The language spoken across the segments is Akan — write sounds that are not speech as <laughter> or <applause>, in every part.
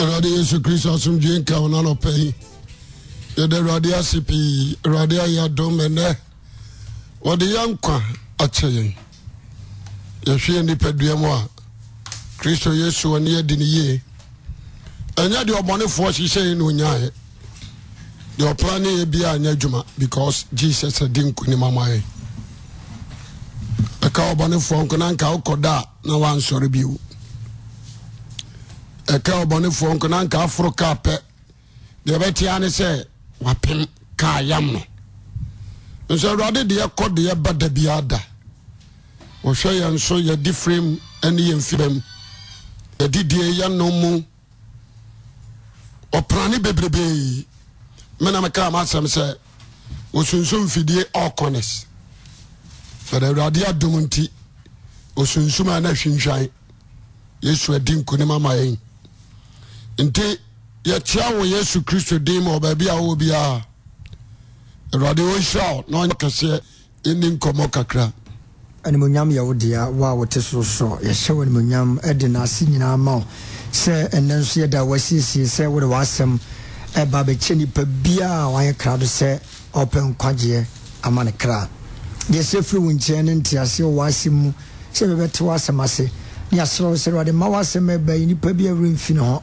awurade yesu kristo asomdwe nka wo nanɔpɛ yi yɛda awurade ase pii awurade ayɛ adom ɛnɛ wɔde yɛ nkwa akyɛ yɛn yɛhwɛ nipadua mu a kristo yesu ɔne yɛdi ne yie ɛnyɛ deɛ ɔbɔnefoɔ hyehyɛe na ɔnyaeɛ deɛ ɔpra ne yɛ biaa nyɛ adwuma because jesus adi nkonim ama yɛn ɛka ɔbɔnefoɔ nko na nka wokɔda a na wansɔre bio ɛka ɔbɔnefoɔ nko na nka aforo kaa pɛ deɛ ɛbɛtea ne sɛ wapem kaa yam no nso awurade deɛ kɔ deɛ ba da biara da wɔhwɛ yɛn so yɛdi firim ne yɛn firam yɛdi deɛ yɛnom mu ɔprane bebrebee mena mekaa masɛm sɛ ɔsunsom fidie ɔkɔnes fɛde awurade adom nti ɔsunsum a na hwintwan yesu adi nkonim ama yɛn nti yɛkyea wo yesu kristo din ma ɔbaabi a wowɔ biara awurade ɔnhyira wo na ɔnyɛ kɛseɛ ɛni nkɔmmɔ kakra animonyam yɛ wo dea wo a wote sorosoro yɛhyɛ wo animonyam de n'ase nyinaa ma wo sɛ ɛnɛ nso yɛda wasiesie sɛ wode w'asɛm ɛba bɛkyɛ nipa biaa wayɛ krado sɛ ɔpɛ nkwagyeɛ ama ne kra deɛ sɛ firi wo nkyɛn ne nteaseɛ wɔ w'asɛm mu sɛ bɛbɛte w'asɛm ase ne yɛserɛ wo sɛ awurade ma w'asɛm ɛba nnipa bi awerɛmfi ne ho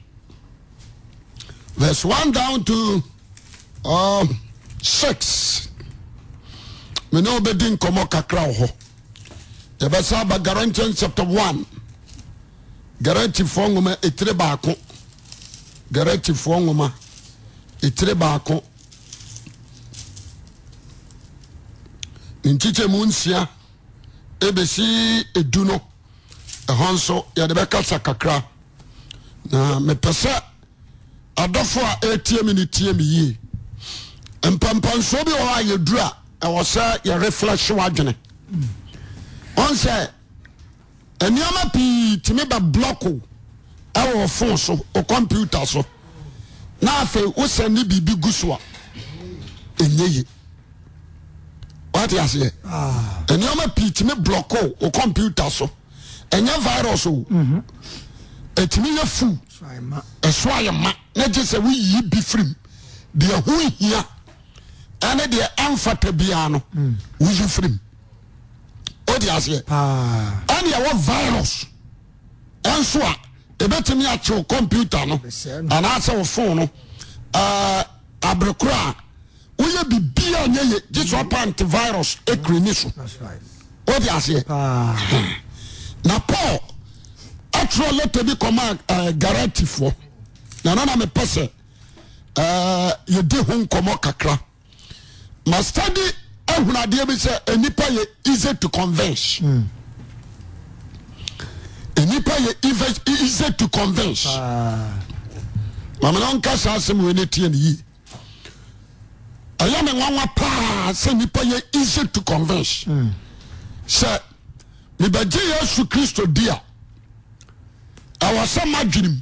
vers one down to um, six mene bɛdi nkɔmmɔ kakra wo hɔ yɛbɛsɛ ba guarentians chapte on garetifoɔ oma ɛtire baako garetifoɔ oma ɛtire baako e ntikyemu nsia ebɛsi edu no ɛho nso yɛde bɛkasa kakra na mepɛ sɛ adɔfo a ɛtie me no tie me yie mpampansoɔ bi wɔ hɔ a yɛduru a ɛwɔ sɛ yɛreflɛhye w'adwene ɔn sɛ nneɛma pii tumi bɛ blɔko ɛwɔ fon so o kɔmputa so na afei wosɛ ne biribi gu so a ɛnyɛ ye wate aseɛ ah. nneɛma pii tumi blɔko o kɔmputa so ɛnyɛ virus o mhm. ɛtumi yɛ fu ɛso ayɛ ma na gye sɛ woyiyi bi firim deɛ ho hia ɛne deɛ ɛmfata biara no mm. woyi firim odi aseɛ ɛne ɛwɔ virus ɛnso a ɛbɛtumi akyew computer no anaasɛ wo phone no aberekoro a woyɛ bibia nyɛ ye gye sɛ ɔpa antivirus ɛkiri ni so odi aseɛ na paul ɛtwerɛ leta bi kɔma garatifoɔ Now dit sɛ yɛde ho nkɔmmɔ kakra mastade eh, ahunadeɛ bi sɛ ɛnipa eh, yɛ easy to convince ɛnipa hmm. eh, yɛ easy to convince ah. mamena nka saa asɛm wei ne tie ne ɛyɛ me nwanwa paa sɛ nipa yɛ easy to convince hmm. sɛ Christ yesu kristo di a ɛwɔ sɛ madwenem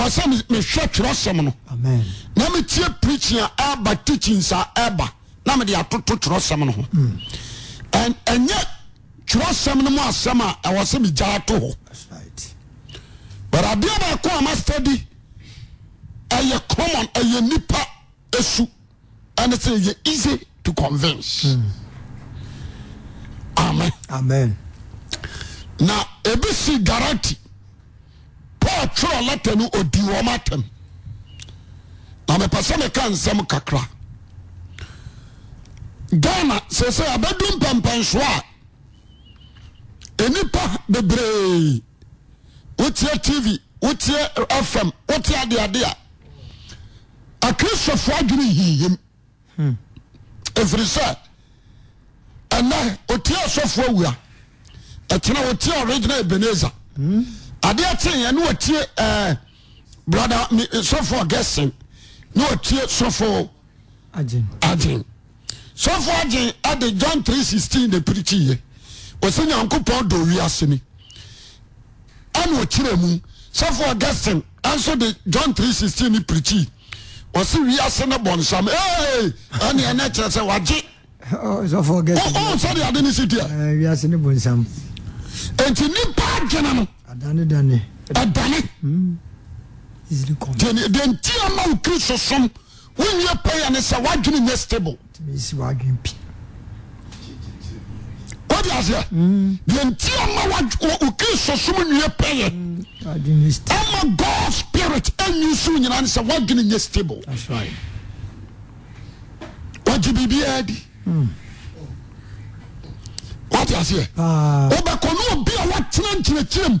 wɔsɛmehwɛ twerɛsɛm no na metie preaching a ɛba techins a ɛba na mede atoto kyerɛ sɛm no ho hmm. n ɛnyɛ kyerɛsɛm no mu asɛm a ɛwɔ sɛ megyaa to hɔ but abiabako amastady ɛyɛ common ɛyɛ nipa ɛsu ɛne sɛ yɛ easy to convince hmm. am n bis garanty pa twerɛ late no odi wɔm atam na mepɛ sɛmeka nsɛm kakra ghana sɛsɛ abɛdum pɛmpɛnsoa a ɛnipa bebree wotiɛ tv wotiɛ fm wo teɛ deadea akrisofoɔ adwene hihem ɛfiri sɛ ɛnɛ otie ɛsɔfoɔ wua ɛtena otie oregina ebenesa adeɛ kyeeɛ ne wɔtie ɛɛ eh, brada sɔfo gɛsɛn ne wɔtie sɔfo agyen sɔfo agyen ɛde john three sixteen de pirikyi yɛ wɔsi nyankopɔn dɔ wiase ni ɛna ɔkyerɛ mu sɔfo gɛsɛn ɛnso de john three sixteen ne pirikyi wɔsi oh, oh, oh, eh, wiase ne bɔ nsam ɛɛ ɛna ɛna kyerɛ sɛ wagye sɔfo gɛsɛn ɔn sɔde ade ne si tia ɛɛ wiase ne bɔ nsam nti nipa agyina no. adane dane hmm. deɛnti ama wo kristo som wonyɛ pɛyɛ ne sɛ woadwene nyɛ stable wode aseɛ deɛnti ama wo kristo som nwie pɛyɛ hmm. ama god spirit anyi so nyinaa ne sɛ woadwene nyɛ stable wagye biribiaa di hmm. wode aseɛ ah. wobɛkɔ ne obi a woatena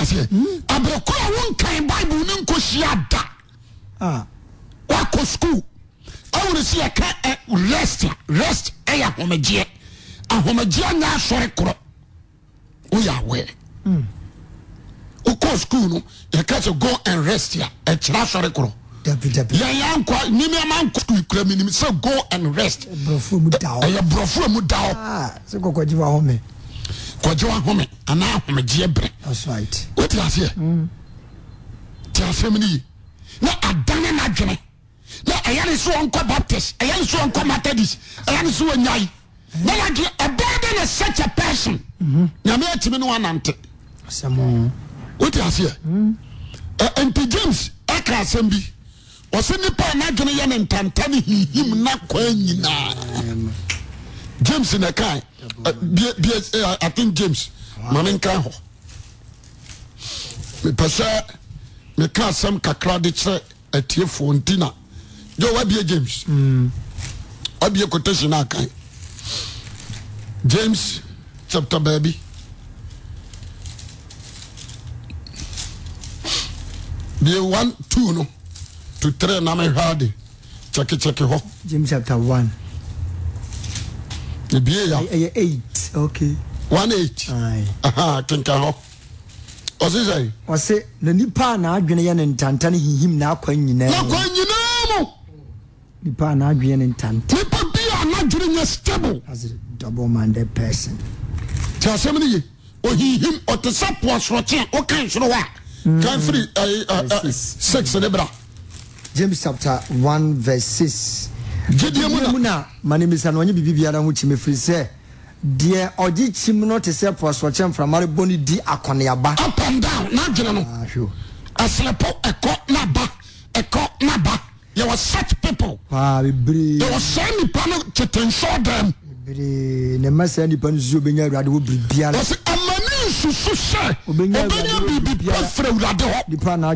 aseɛ aberɛkɔ a wonkan bible ne nkɔhyia da ah. wakɔ school ɛwore sɛ yɛka rest rest ɛyɛ ahomegyeɛ ahomegyeɛ nyɛ asɔre korɔ woyɛ aware hmm. wokɔ school no yɛka sɛ go and rest a ɛkyerɛ asɔre korɔ yɛyɛ nkɔ nneɛma nkɔ school kura mi nim sɛ go and rest ɛyɛ borɔfoɔ mu da hɔ honhoebrweseɛ mm. tasɛmny mm-hmm. mm. n an ndwene yane son baptis adis nɛn sech peson yame timi no wanante weseɛnt james kra sɛm bi ɔsɛnip nedwne yɛne ntantane hhi nakayinaa james nka i think james ma me nkan hɔ mepɛ sɛ meka sɛm kakra de kyerɛ atie foɔ ntina jɛ wabie james wabie cotesi no akan james chapter baabi bie one 2 no to tre name hwaa de cyɛkechɛke hɔ ebie ya ɛyɛ eight okay one eight kenkan hɔ ɔsi sɛ. ɔsi na nipa a n'adwene yɛ ne ntantan hihim n'akwa nyinaa. n'akwa nyinaa mu. nipa a n'adwene yɛ ne ntantan. nipa bi a n'adwene yɛ stable. as a double minded person. tí a sẹ́mi ni yé ohihim ọ̀tí sá pọ̀ sọ̀rọ̀kye ó kàn sọ̀rọ̀ wa. Hmm. kan firi eh, eh, eh, six ne bra. james chapter one verse six gyidie mu na mane bisa no ɔnyɛ biara ho kyim ɛfiri sɛ deɛ ɔgye kyim no te sɛ pɔsɔkyɛ mframare bɔ no di akɔneaba up and n'adwene no ah, asenepɔ ɛkɔ n'aba ɛkɔ n'aba yɛwɔ such people paa ah, bebree yɛwɔ nipa no tete nsɔɔ dɛm bebree ne mma saa nipa no susu obɛnya awurade wɔ biribiara wɔsi amani nsusu sɛ obɛnya biribi pɛfrɛ awurade hɔ nipa bi a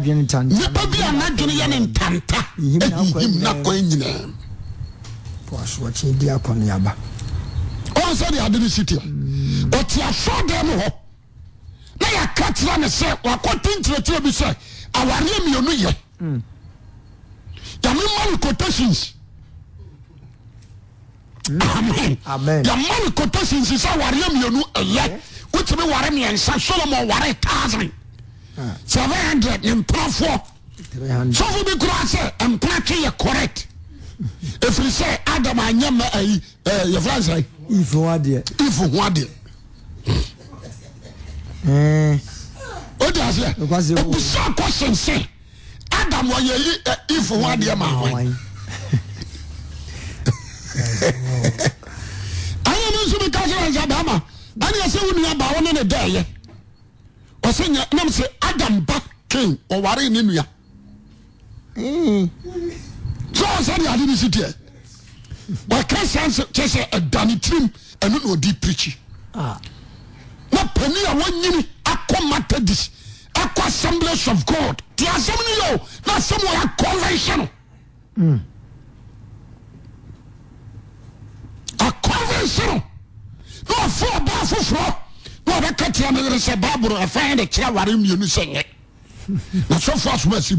n'adwene yɛ ne ntanta ehim n'akɔ nyinaa wasoɔkye di akɔneaba ɔn sɛ deɛ ade no si teɛ ɔte asɔɔdan mu hɔ na yɛka kyerɛ ne sɛ wakɔte nkyerɛkyerɛ bi sɛ awareɛ mmienu yɛ hmm. yɛmema no quotations amen yɛma no quotations sɛ awareɛ mmienu ɛyɛ wotumi ware mmiɛnsa solomon ware thousand ah. seven hundred ne mpenafoɔ sɔfo bi koraa sɛ mpena twe yɛ correct ɛfiri sɛ adam anyɛ ma ayi yɛfra nsɛ if ho adeɛ odi aseɛ obusa kɔ sensɛn adam wɔyɛ yi if ho ma hwan ayɛ no nso mi ka sɛ ɔnsa bɛrima ɛsɛ wo nua ba wo ne ne yɛ ɔsɛ nyɛ nam sɛ adam ba ken ɔware ya. nua sɛdenesit kesn eh? kesɛ eh, dane tirem eh, nonade preci ne paniawayeni ak matadi ak assembla of god smseoforrm ssɛfosse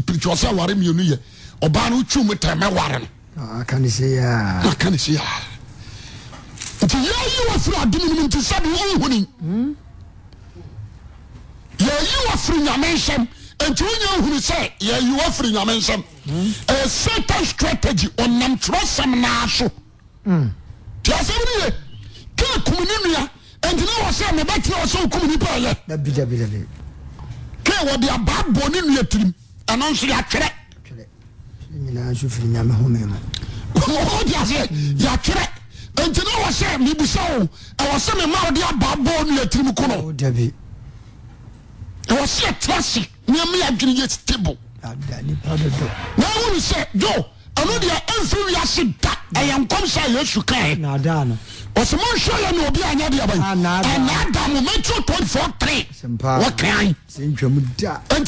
pre se ware mminye obano otwum teme ware nokasfrifri s fri se strategy nem terosem nso e obabo nenua tirim nesoytere erɛ ntinws wa wsetas eeawenyesd n ase da sɛysu kasm ndam43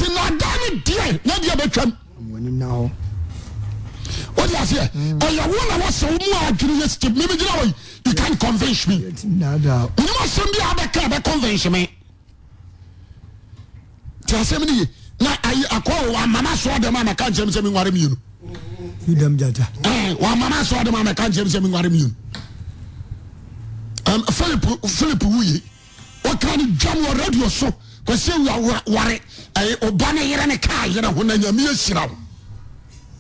ntinada ne de adetwa wọ́n di aseɛ ɛyɛ wo na wọ́n sɛ wọ́n mu adwiri yɛ sitere mímu gyina hɔ yi you can convince me onímọ̀ asɛm bi a bɛka bɛ convince me tí asɛm ni yɛ na ayi akɔ wa mama sɔ dɛm a mɛka nkyɛn sɛ mi nware mienu yudam jata ɛɛ wa mama sɔ dɛm a mɛka nkyɛn sɛ mi nware mienu ɛm philip philip wuyi wɔkira ni jam wɔ radio so kò sí wàware ɛɛ ɔba ne yɛrɛ ne kaa yɛrɛ ho na nyamiya sira o.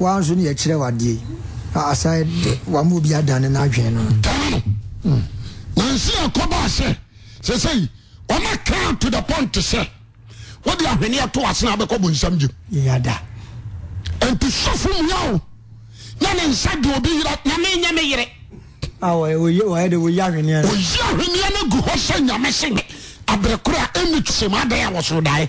wɔn nso no yɛkyerɛ wadeɛ a asae de wɔn mu bi adane n'adwene no. Hmm. wɔn si akɔba ase sese wɔn aka to the point sɛ wɔde ahwene ato asena abɛkɔ bɔ nsam gyem. yada. nti sɔfo mu yawo na ne nsa de obi yira na ne nya me yere. awɔ oye wɔyɛ de oye ahwene. oye ahwene no gu hɔ sɛ nyame se abirikura emi tìsɛmá dan yà wɔ so dan yɛ.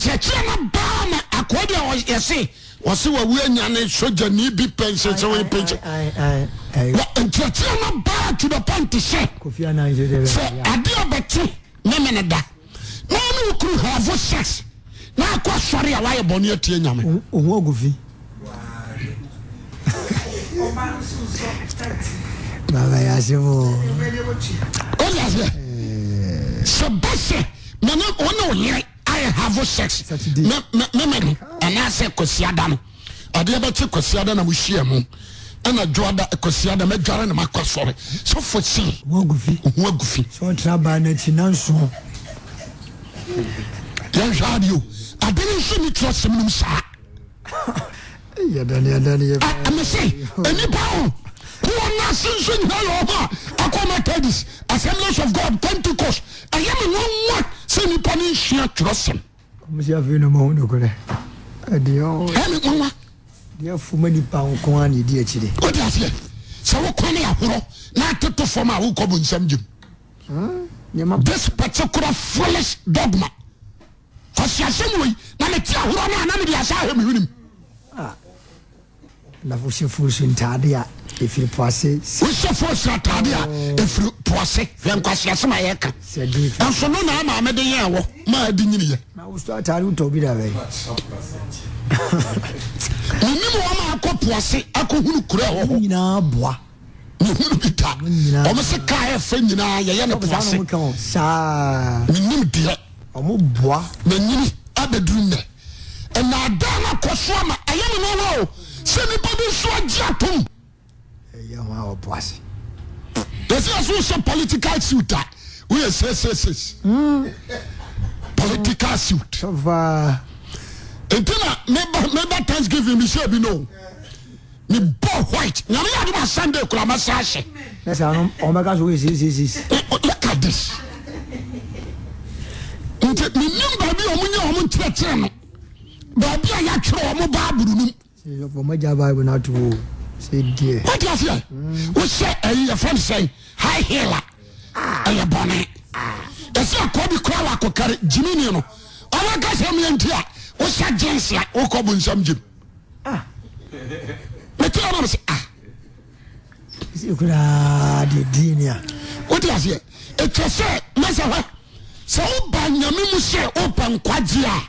nkyerɛkyerɛ no baa ma akɔɔde a yɛse wɔse wawu anya ne sogyani bi pɛ nsɛsɛ wɔpɛgye nkyerɛkyerɛ no baa to the point sɛ sɛ ade ɔbɛte ne mene da na ne wokuru hɛvo sex na akɔ sɔre a wayɛ bɔne atie nyame ɔhu agu fi baba yɛase mo ɔdeaseɛ eh. sɛ bɛ sɛ mane ɔne wo yere I have sex memory anaasɛ kwasiada no adeɛ bɛkye kwasiada na mohyia mu ɛna dwoada kwasiada mɛdware ne makɔ sɔre sɛfo see ho agu fi yɛnhwɛ adeɛ o ade ne nso ne twerɛ sɛm nom saa <laughs> mesɛ ɛnipa o wọnase nso nyinaa yɛ ɔhɔ a akɔma tadis assemblies of god pentecost ɛyɛ me nwanwa nipo ne nsua toro semmowads se wo koane yahoro na ateto fom awokobo nsam yem despetse koro fulesh dogma kosiasem wei na meteahoro no na medeasa ha muwenimfsnt faut poase wosɛfoɔ srataade a ɛfiri oh. poase hwɛnkwaseasɛm a yɛka ɛnso Il na ama mede yɛ <laughs> wɔ ma adi nyiniyɛ menim wɔ ma Il faut akɔhunu kura wɔ hɔ nyinaa boa mehunu bi ta ɔmo se kaa ɛfa nyinaa yɛyɛ ne poase menim deɛ ɔmo boa manyini Il faut ɛnaada no akɔ so ama ɛyɛ me no o Il nipa bi so agye ɛyɛ ho a ɔbɔ ase Nous sommes wohyɛ political suit a woyɛ sommes political suit nti na meba thanksgiving mehyɛ bi no mebɔ white nyame yɛ adom sunday kora sommes ahyɛ look at this nti menim baabi a ɔmo nyɛ ɔmo nkyerɛkyerɛ no baabi a yɛatwerɛ ɔmo nom wodeaseɛ wohɛ ɛyɛfront sɛ hai hela ɛyɛ bɔne ɛsɛakoa bi kora wo akɔkare gimini no ɔwaka seɛ meyanti a wohɛ gyensea wokɔbo nsam dgyem mɛtɛɛ nam sɛ wodeaseɛ ɛtwɛ sɛ mɛsɛ hɔ sɛ wo ba nyame mu sɛ wo ba nkwa de a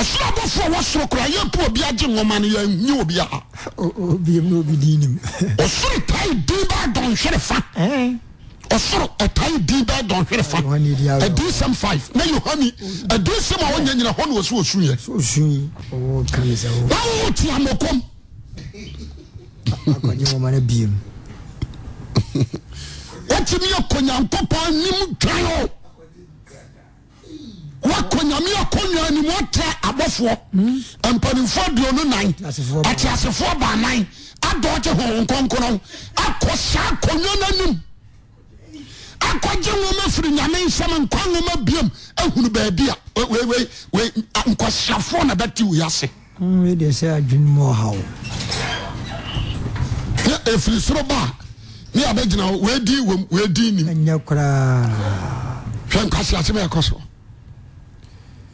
ɛsoro abɔfoɔ wɔ soro kora yɛ pu obi agye nwoma no yɛnyi obi a <laughs> ɔsoro tae din bɛ dɔnhwere fa eh? ɔsoro ɛtae din bɛ dɔnhwere fa ɛdinsɛm 5 na yohane ɛdinsɛm a wɔnyɛ nyina hɔ ne wɔ sɛ ɔsuyɛ na wowo te amɔkɔm yɛ kɔ nyankopɔn nim o sɛ nyame akɔnnwa anim ɔtɛ abɔfoɔ mpanimfoɔ duonu nan ateasefoɔ baanan adɔɔgye hɔn nkɔnkɔnɔ akɔ saa akɔnnwa no anim akɔgye nwoma firi nyame nsɛm nkwa nwoma biam ahunu baabi a wei nkɔsafoɔ na bɛte wo yase mm, deɛ sɛ adwene mu ɔha wo ɛfiri soro ba a ne yɛbɛgyina hɔ weidi wom weidi nim ɛnyɛ koraa hwɛ nkwaseasɛm ɛkɔ so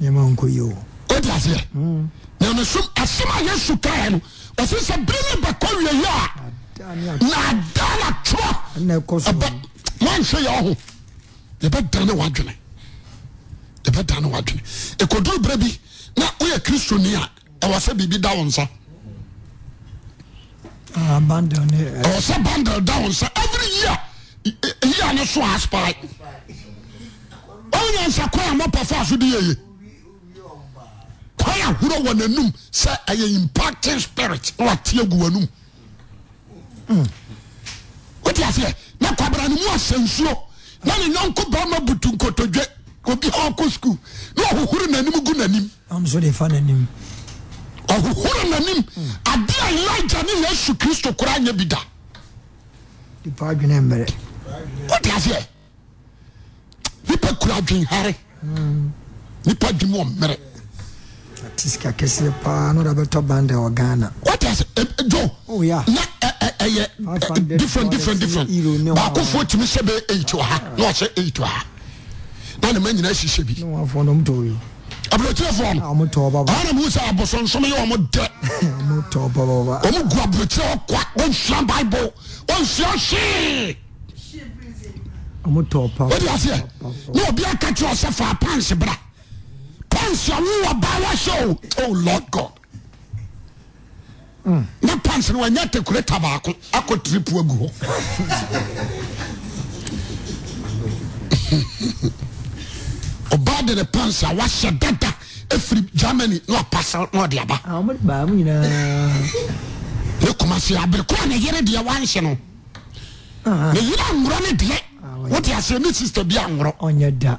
seɛns asem mm. yesu ka o ssɛ berene bɛk wie nada natra oy br n wyɛ kristoni a wsɛ birbi dasawsɛ bandl da sa eh. very i ine soasp ansakoamopafosod kwan ahoro wɔ n'anum sɛ ɛyɛ impacting spirit na wate agu w'anum hmm. wote aseɛ na kwabra no nsuo na ne nyɔnko bama butu nkotodwe obi a ɔkɔ sukuu na ɔhohoro n'anim gu n'anim ɔhohoro n'anim hmm. ade a ne yesu kristo koraa nyɛ bi da wote aseɛ nipa kura adwenhare hmm. nipa dwem wɔ mmerɛ n yɛfoɔ tui sɛ brɛtere fonm se absnsom yɛ omoderɛɔmo gua abrɛtire kɔa ɔsa bible ɔsua se ne obiaka ti ɔsɛ fa panse bra pants a wowɔ ba wahyɛ o oh lord god na pants no wanyɛ tekureta baako akɔ tiripu agu hɔ <laughs> ɔbaa de ne pants a wahyɛ dada efiri germany na wapasa na ɔde aba. àwọn ah, ọmọdé baa mu nyinaa. ne kɔmase abirikura ne yere deɛ wanhyɛ no ah. ne yere aŋorɔ ne deɛ ah, wote aseɛ ne sista bi aŋorɔ. ɔnyɛ da.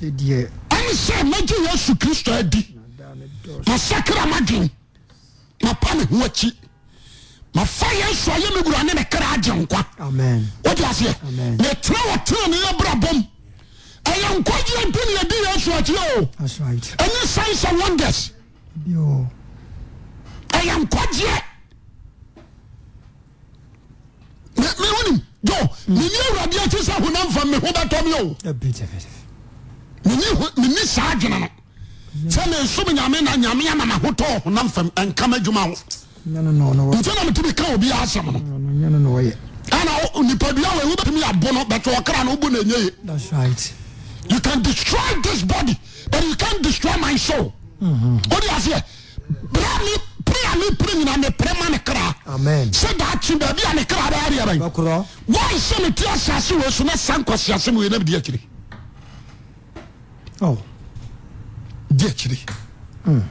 ɛne sɛ mɛgye yesu kristo adi masakra madwen mapa me ho akyi mafa yesu ayɛ me wura ne me kra agye nkwa wode aseɛ metena wɔtena ne yɛbra bɔm ɛyɛ nkwagyeɛ mpo ne yɛdi yesu akyiɛ o ɛne signs and wonders ɛyɛ nkwagyeɛ mewonim jo meni awurade akyi sɛ honamfa me ho bɛtɔ me o mene sa gena no sɛme nso yame ame ooa a aemi ka isooa ey is bod bu oan e my so di akyiri hmm.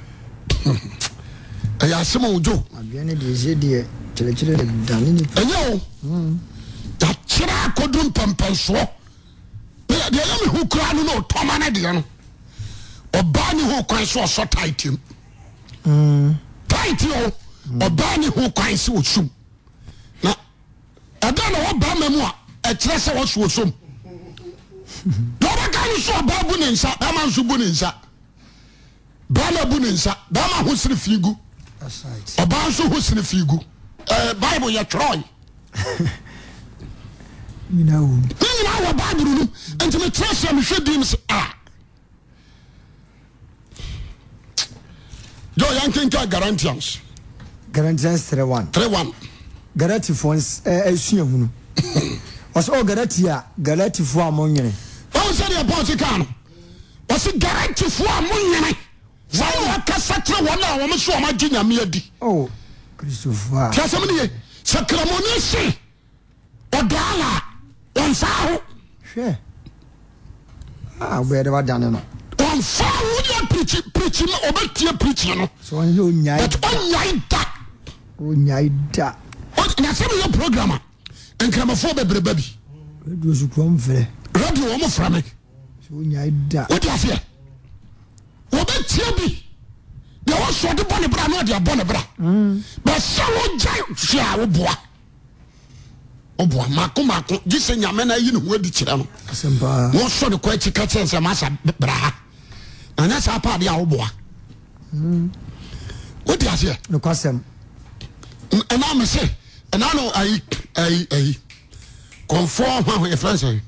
ɛyɛ asɛm a wodwo ɛnyɛ o dakyerɛ hmm. akɔduru mpɛmpɛnsoɔ deɛ yɛ me ho kura no na ɔtɔma no deɛ no ɔbaa ne ho kwan sɛ ɔsɔ taite m hmm. taite o ɔbaa ne ho kwan sɛ ɔsum na ɛda na wɔbaa ma mu a ɛkyerɛ sɛ wɔso ɔsom <laughs> nso ɔbaa bu ne nsa bɛrima nso bu ne nsa bɛrima bu ne nsa bɛrima ho siri fi gu ɔbaa nso ho siri fi gu ɛɛ baibu yɛ twerɛ <laughs> yi. ne nyinaa wɔ baibulu no nti mi tẹ ẹsẹ mi hwɛ dim sɛ a. jọ yan kinka garantians. garantians three one. three one. galatifoɔ ɛɛ ɛsua hunu <laughs> ɔsɛ ɔ galati a galatifoɔ a mo nyere sɛ paul si kaa no ɔsi garantifoɔ a mo nyene wɔn a wɔkasa kyerɛ wɔn a wɔn so wɔn agye nyame adi. tí a sɛm ni ye sɛ kiramoni si ɔdɔ ala ɔnfa ho. ɔbɛn ho yɛ pirikyi pirikyi no ɔbɛ tie pirikyi no. sɔɔni y'o da ɔnya da. ɔnya yɛ program nkramofo bebrebe bi. radio sukuu ɔn fɛ. radio wɔn fura mi wode aseɛ wɔbɛtia bi deɛ wɔsɔ de bɔ ne bra ne ɔde abɔ ne bra bɛsɛ wogyae hwɛ a woboa ɔboa maako maako gye sɛ nyame no ayi ne ho adi kyerɛ no wɔsɔ de kɔ akyi ka kyerɛ sɛ masa bra ha anyɛ saa paadeɛ a woboa wode aseɛ ɛna me sɛ ɛna no ayi ayi ayi kɔmfoɔ ho yɛfrɛ sɛ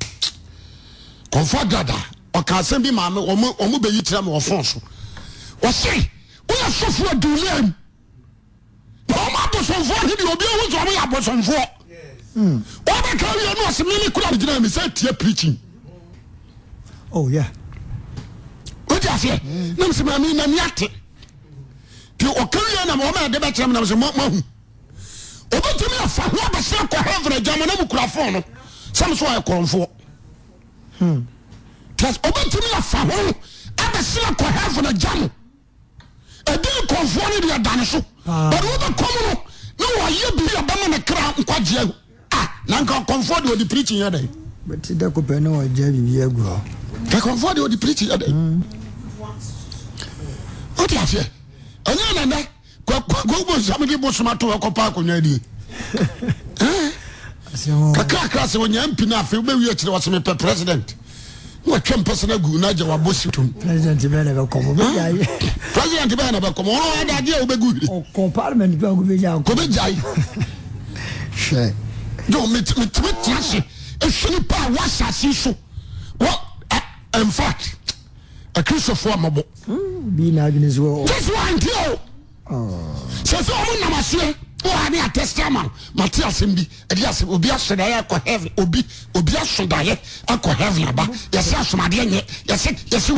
kɔnfa dada ɔka asɛm bi maame ɔmo ɔmo bɛyi kyerɛ mi ɔfɔn so ɔsi woyɛ sɔfo adulia mu na ɔmo abosomfoɔ ni bi obi ewu sɛ yɛ abosomfoɔ ɔbɛ hmm. kaa wiye no ɔsi mi ni kura mi gyina mi sɛ tie preaching. oh yeah. o ti sɛ maame na mi ate ti ɔka wiye na ɔmo ɛde bɛ kyerɛ mi na mi sɛ mo ahu obi tumi afa ho abɛsɛ kɔ hɛvɛrɛ gyamu na mu kura fɔn no sɛm so ɔyɛ kɔnfoɔ. Hmm. obɛtumi afa ho abɛsena kɔ heaven no gya mo ɛdin kɔnfoɔ no deɛ dane so ah. but wobɛkɔm no na wɔayɛ biri abɛma ne kra nkwagyeɛ a ah, na nka kɔnfoɔ deɛ ɔde preaching yɛ dɛn bɛti dɛ kopɛ ne wɔgya biribi agu hɔ kɔnfoɔ deɛ ɔde preaching yɛ dɛn wode afeɛ ɛnyɛ nanɛ kɔkɔbɔ nsɛm de bosoma to ɛkɔpa akonnwa die kakrakrase nya mpinef wobew resmeɛ presient tmpɛsng npesientamtase sni pawss soa criophɛn e aeeeei f seo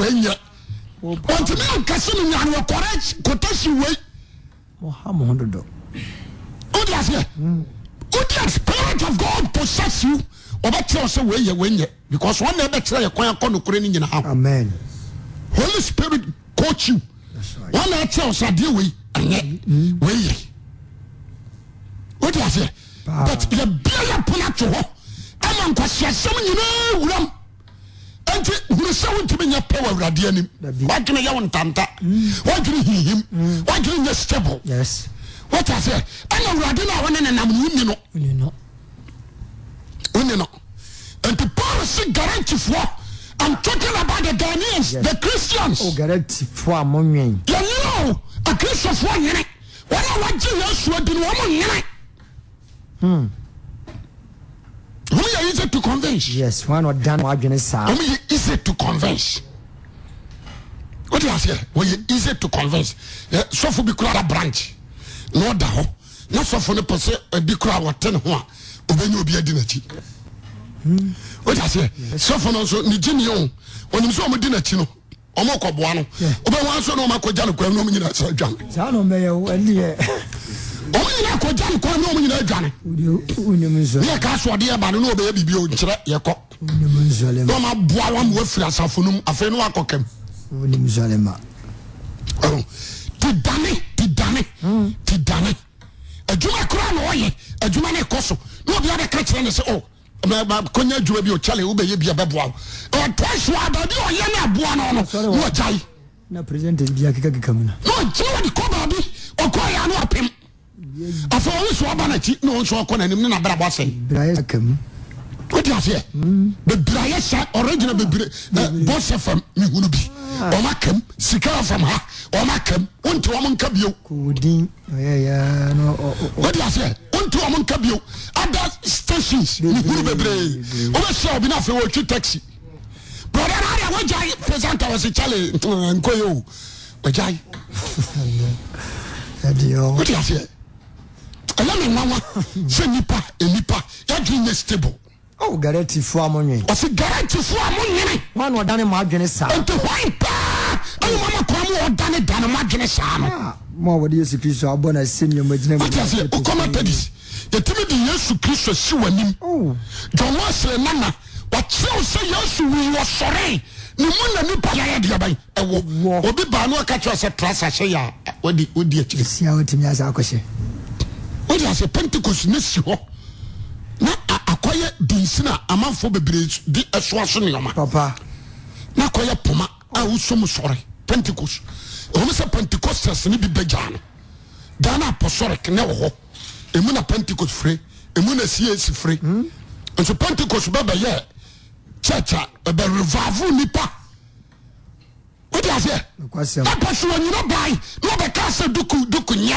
i wọ́n ti àṣẹ but yẹ bíyà yẹ pọ́nà tó hɔ ɛna nkwasi asɛm nyinaa wuram nti hurusawo ntumi nyɛ pɛ wɔ awurade anim wadwene yɛ wo ntanta wadwene hihim wadwene nyɛ stable wọ́n ti àṣẹ ɛna awurade náà wɔn nana nam wúni no wúni no nti paul si garantifoɔ i'm talking about the ghanaians yes. the christians. o oh, garantifoɔ a mo nwɛn. yɛn nyinaa o akirisofoɔ nyere wɔn a wagye yɛn suwadi ni wɔn mo nyere wọ́n hmm. yẹ easy to convince. yes wọn náà dan wọn adwene sáà. wọ́n yẹ easy to convince. o de ase wọ́n yẹ easy to convince sọ́fù bi kura da branch na ọ da hɔ na sọ́fù ni pẹ̀sẹ̀ ẹbi kura wọ́n tẹ̀ ne ho a o bẹ nye obi adi n'akyi. o de ase sọ́fù náà nso ne gyi ni yẹn o onim sọ ọmọ di n'akyi no ọmọ kọ bua no ọbẹ wọn aso na ọmọ akọ gya ne kwan na ọmọ nyina sọ dwan. saa na ọmọ yẹ wo ẹni yẹ ɔmo nyinaa kɔ gya nkɔ ne ɔmo nyinaa dwane ne yɛ ka soɔdeɛ ba no ne ɔbɛyɛ biribi nkyerɛ yɛkɔ ne ɔma boa wa ma wafiri asafo no mu afei ne wakɔ kam ti dane ti dane hmm. ti dane adwuma koraa na ɔyɛ adwuma ne kɔ so ne ɔbia bɛka kyerɛ ne sɛ o kɔnya adwuma bi ɔkyale wobɛyɛ bi ɛbɛboa wo ɔtoa so a baabi ɔyɛ ne aboa no no ne ɔgyae na president bi akeka keka mu na na ɔgye wɔde kɔ baabi ɔkɔyɛ ano apem fs <laughs> ɛyɛ ne nawa sɛ nipa enipa yadwin ne stable. ɔwɔ garanti fún amú nyere. ɔsi garanti fún amú nyere. wọn ni ɔdani maa dwene saa. nti hwan paa ɛyɛ mama kɔn mu ɔdani dani maa dwene saa no. Ah, mo a wɔde yesu kristu abɔ na ɛsɛ nneɛma gyina mu. wati ase okoma pedis yɛtumi de yesu kristu si wɔ anim. Oh. john wesley nana wɔkyerɛw sɛ yesu wuli wɔsɔre ne mu na nipa yɛyɛ deɛ bɛn ɛwɔ obi baa no ɔka kyerɛ sɛ trasa hyɛ yɛ akyire. esi a wɔtumi asa akɔhyɛ. enteosenspentcsanaorments fs fentecost ɛɛyɛ chacha bavo nipa dsɛpɛsua yena ba nebɛka sɛ hmm? duku ya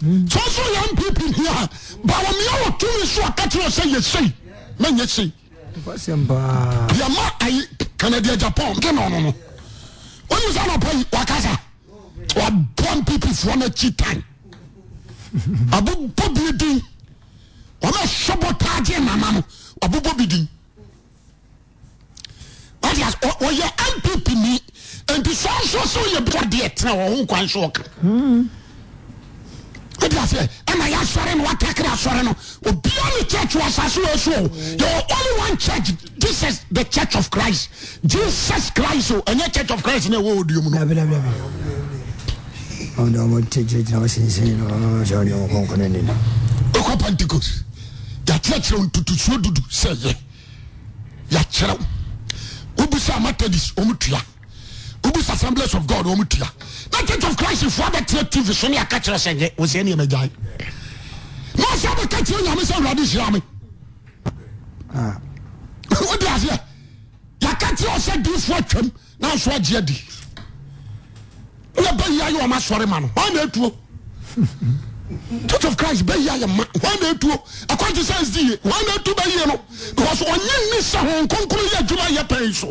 sonsu ye anpepini a bawomie otumi su kateo sɛ ye sei meya seima kanadia japonnnnka mpep f n kimpepn sunsu ydtrokasuok ɛɛma yɛ sɔre no watakerɛ asɔre no obione church wɔsase nosuo yɛ ony one church ess the church of christ jesus christ o ɛyɛ church of christ ne ɛwɔɔ dumu nkpentco yaterɛ kyerɛ ntotosuo dudu sɛ yɛ yakyerɛw wobiso matadis ɔmutua C'est assemblies of god Dieu? tua na church of christ foɔ abɛtena tv so ne aka kyerɛ sɛ nyɛ wɔsɛ ne ɛmɛgyae na ɔsɛ abɛka kyerɛ nyame sɛ awurade hyira me aseɛ kyerɛ ɔsɛ difoɔ atwam na nso agye adi ɔma ma no na atuo church of christ il ma na atuo sɛ ɛsi na atu no because ɔnyɛ so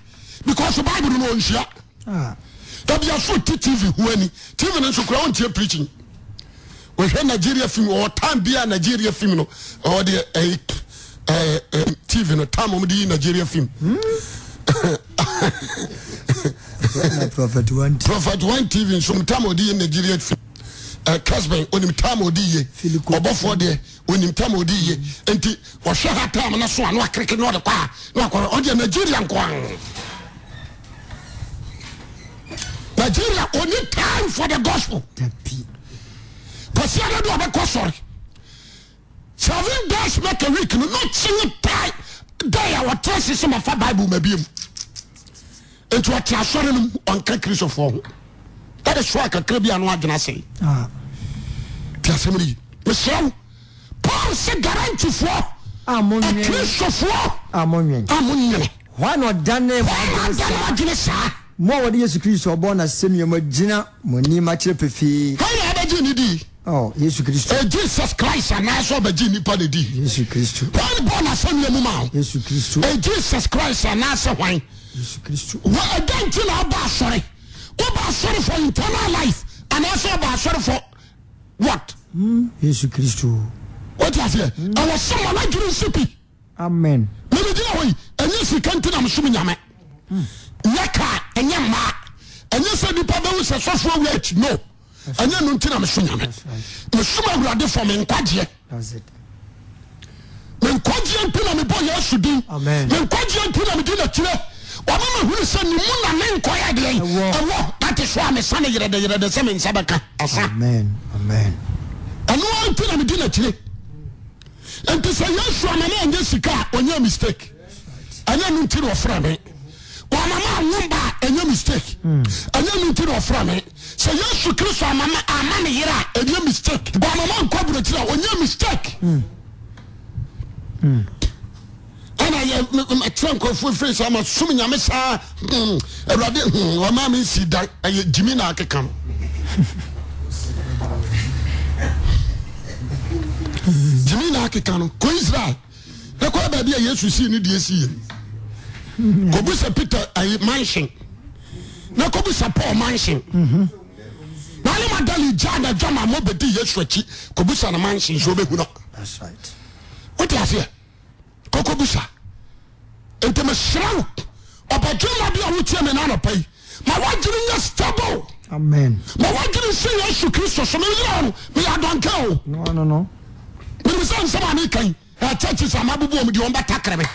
because the bible no ɔnhyia dabiaso ti tv who any tv no so kora ɔntie preaching wɔhwɛ nigeria film or time bia nigeria film no ɔde ɛyi ɛɛ tv no time ɔmo eh, mm. de nigeria film. prophet one tv nso time ɔde yi nigeria film. kasbɛn onim tam odi yie ɔbɔfoɔ deɛ onim tam odi yie nti wɔhwɛ ha tam no so a na wakereke na ɔde kɔ a na wakɔrɔ ɔdeɛ nigeria nkoa gerian time for the gospl os d obek sor sn days mee eeko noifas mwɔde yesu kristo bna samiamu gyina munim kyerɛ pefeendyes krj sr lfyesu kristodernse pin soyam ye ma yesedp yn nieso yam esom rade fo menkoat s mesane yeredeyrede se mense eka snn yiske ynrefre wamama awomba a ɛnyɛ mistake ɛnyɛ hmm. ne nti na ɔfra me sɛ yesu kristo amama ama ne yere a ɛnyɛ mistake wamama nkɔ aburokyiri a ɔnyɛ mistake ɛna hmm. hmm. yɛ kyerɛ nkɔfoɔ firi sɛ ama som nyame saa awurade ɔma me nsi dan ɛyɛ gyimi na akeka no <laughs> gyimi na akeka no kɔ israel ɛkɔ baabi a yesu sii no deɛ sii <laughs> kobuse peter mashn nkbuse pa masn e dalja bedi yesui ks n masse etlse kkbs ntmeserao bj btn iri yst iriseyesu sto ad sk e semdkr ka dessba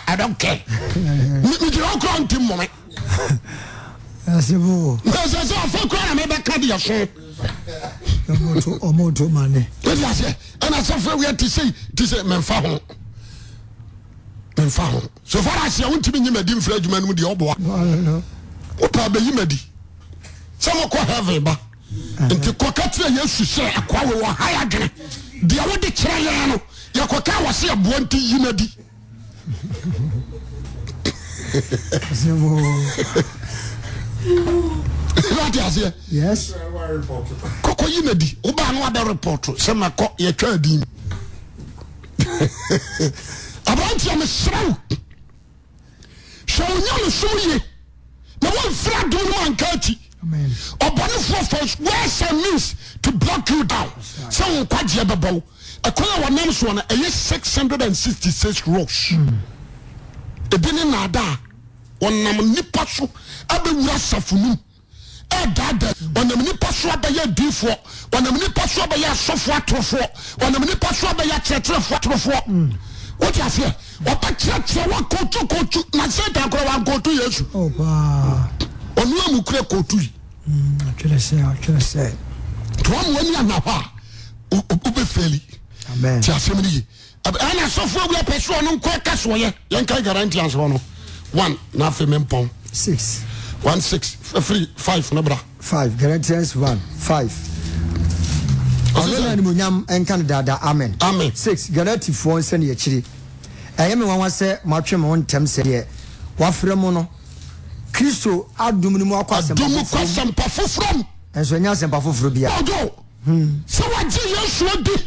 su se kde dode kerɛ eo yɛkɔka wɔ sɛ yɛboa nti yi no di wate aseɛ kɔkɔ yi no di wobaa no wada repɔto sɛ makɔ yɛtwa adin aberanteɛ meserɛ wo hwɛ wonya no som ye na womfra adom no manka akyi ɔbɔnefoɔ first wear some means to block you down sɛ wo nkwagyeɛ bɛbɔ wo ɛkwan a wɔnam soɔ no ɛyɛ six hundred and sixty six rows ebi ne naada a wɔnam nipa so abɛwura safunum ɛɛdaada wɔnam nipa so abɛyɛ diifoɔ wɔnam nipa so abɛyɛ asɔfoɔ atorofoɔ wɔnam nipa so abɛyɛ akyerɛkyerɛfoɔ atorofoɔ wotu afeɛ wɔbɛkyerɛkyerɛ wɔn kootu kootu na se da kora wɔn kootu yesu ɔnua mu kura kootu yi. Hmm, atwerɛ sɛ atwerɛ sɛ. tuwamu wani anapa o bɛ fɛli ti asɛm no ye ɛna asɔfoɔ wia pɛ soɔ no nkɔ ka soɔyɛ yɛnka garanti asɔɔ no one na afei me six one six firi five no bra five Galatians one five ɔno na animonyam nka no daadaa amen amen six galatifoɔ nsɛ ne yɛkyiri ɛyɛ me wanwa sɛ matwe me ho ntɛm sɛ deɛ wafrɛ mu no kristo adom no mu akɔ asɛmpa foforɔ m ɛnso ɛnyɛ asɛmpa foforɔ bia hmm. sɛ wagye yɛsuo di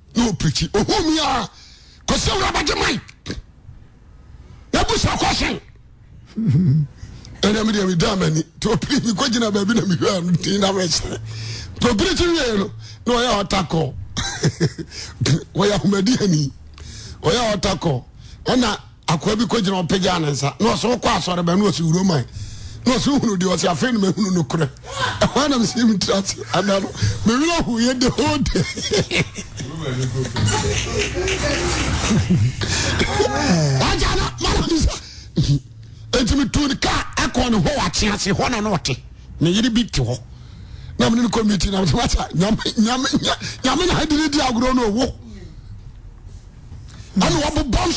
na opirikyi ohun mi a kò sí ewúrẹ́ abajì mike ebu sa kọ́sìn ẹni mi di ẹmi dá àmà ni tí opiri mi kò gyina baabi na mi hwẹ́ àmì tí na mi sẹ́ tí opiri ti wíyẹ no na ọ̀yà ọ̀tá kọ̀ ọ̀yà ahomadi ẹni ọ̀yà ọ̀tá kọ̀ ẹna akọ̀ ẹbi kò gyina ọ̀pẹ̀gya ne nsa na ọ̀sọ̀ kọ́ asọ̀rọ̀ bẹ́ẹ̀ ni ọ̀sọ̀ wúrọ̀ mọ́ ẹ̀. tiehese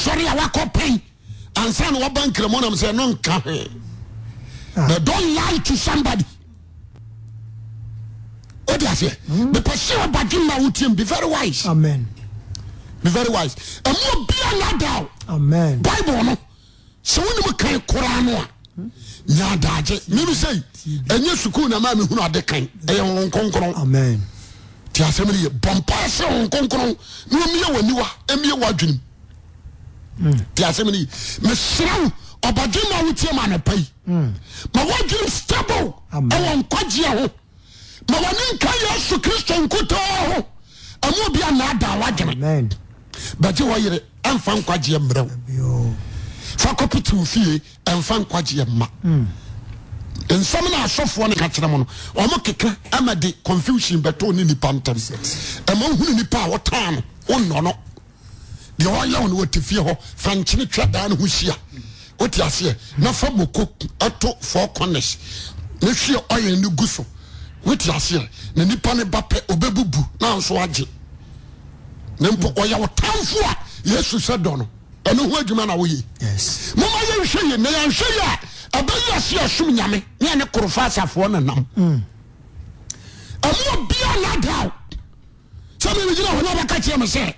eyereiehyamennsreao e ansanaankran neka Ah. on like to someody eaveedablesɛone ka raa daemese ye sukuakɛnr s bopasr miɛwnwa mɛdwn er obagema wotiemunapɛi mawader hmm. tabe w nkageɛho mawane ka yesu kristo nkoto ho mbinadaeemaketdahoe wote aseɛ na fa moko ato four corners na hwie ɔyɛ no gu so wote aseɛ na nipa ne ba pɛ obɛbubu na nso agye na mpo ɔyɛ wo tamfo a yesu sɛ dɔ no ɛno ho adwuma na woyɛ moma yɛnhwɛ ye na yɛnhwɛ yi a ɛbɛyɛ ase asom nyame ne ɛne korofa asafoɔ no nam mm. ɛmoɔ bia nadaw sɛ mebɛgyina hɔ ne ɔbɛka kyerɛ me sɛ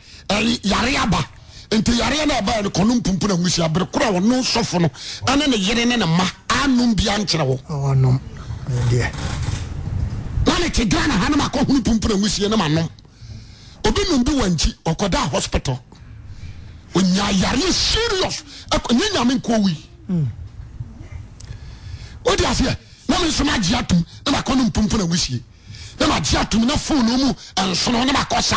yare aba nti yareɛ no abaɛ no kɔno mpumpu na husi abere koro a ɔno sɔfo no ane ne yere ne ne ma anom bia nkyerɛ wɔ na ne kyegra ne ha no makɔhono pumpu na husie no anum. obi nom bi wankyi ɔkɔda hospital ɔnya yareɛ serious ɛnyɛ nyame nkɔ wi wode aseɛ na me nso magye atom na makɔno mpumpu na husie na magye atom na fone mu nsono na makɔ sa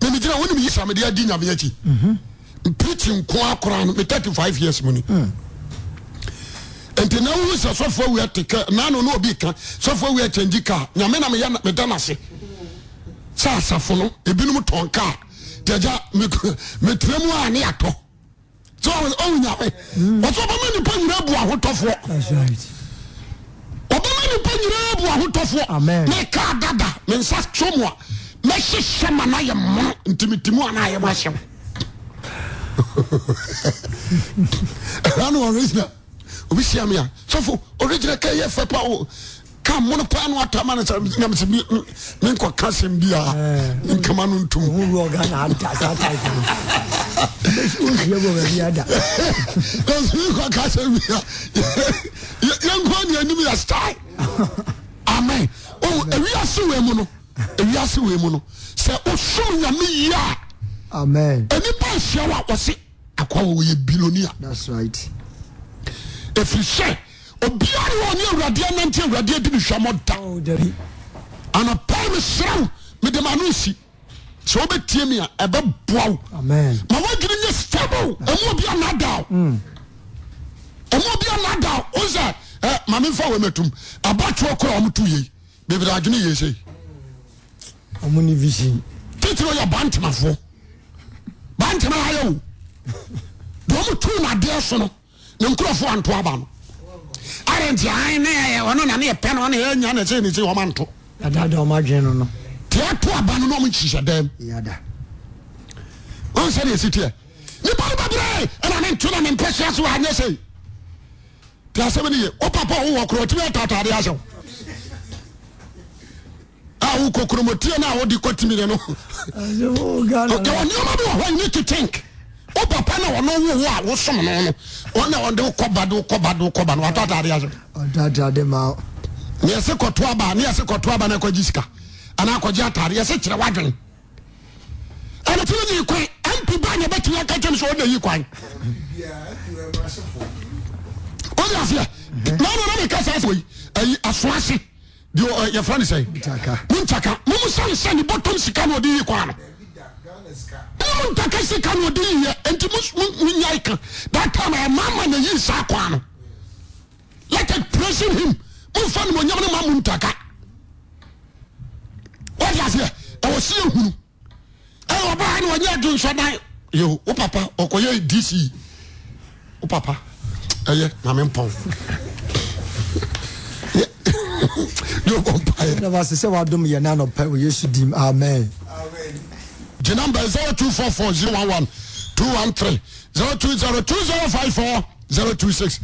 innyes mede di yamegiprein mhm. nko kr5 yeaesa mɛhyehyɛ ma no yɛ mono ntimitimu anaa yɛ mahyew ɛra no original obi hyia me a sɛfo original ka yɛ fɛ pa o ka mmono paa no atama no sɛmsɛ menkɔka sɛm bi a eh. nkama no ntomkɔka sɛm bi a yɛnkɔ neanim yɛ stae <laughs> amen ɛwiase wei mu no ewiase wei mu no sɛ osum nyame yie a amen enipa ahyia wa wɔsi akɔwɔ wɔyɛ bilonia that's right efiri sɛ obiara wɔn ni awurade anante awurade di ni hwamɔ da anapa mi sraw mi de ma no si sɛ wobɛtie mi a ɛbɛ boaw ma woadwene nyɛ stable ɛmu obi anadaw ɛmu mm. obi anadaw wo sɛ mamemfa wɔ matum abatoɔ kora ɔmoto yei bebrɛ adwene yei sei ɔmo ni vision. titiri yɛ bantamafoɔ bantama ayɛ o deɛ ɔmo tu nadeɛ so no ne nkurɔfoɔ anto aba no arenti ayi ne yɛ ɔno na ne yɛ pɛ na ɔno yɛ nya na ɛkyɛ ne kyɛ ɔmo anto. yada da ɔmo adwene no no. tia ato aba no na ɔmo nhyehyɛ dɛm. yada. wọn sɛ de esi tiɛ nipa ni bebree ɛna ne ntu na ne mpɛsia so wa anyɛ sɛ yi te ni yɛ o papa o wɔ kuro o ti bɛ tataade asɛw a wo kokoromotie no a wode kɔtimi ne no ɔwɔ nneɔma bi wɔ hɔ nye kitink wo papa na ɔno wowo a wosom no no ɔna ɔde wokɔba de wokɔba de wokɔba no watɔ atade aso neɛse kɔtoa ba ne yɛse kɔtoa ba na akɔgye sika anaa akɔgye atade yɛse kyerɛ woadwene ɛnetimi nyii kwan ampi ba ne bɛtumi aka kyɛm sɛ ɔda yi kwan wode aseɛ na ɔno na meka saa sɛ yi ayi asoa se yɛfrɛ eh, no sɛ montaka momsane sɛ sika na yi sika na ka ma na let it praising him momfa nomɔnyam no ma montaka wode aseɛ ɛwɔ sɛ yɛhunu ɛyɛ ɔbaa ne ɔnyɛ adwonsɔdan yo wo papa ɔkɔyɛ dc wo papa ɛyɛ eh, na nabase sɛ wadom yɛ ne anɔpɛ wɔ yesu dim amen gye number 0244 011 213 020 2054 026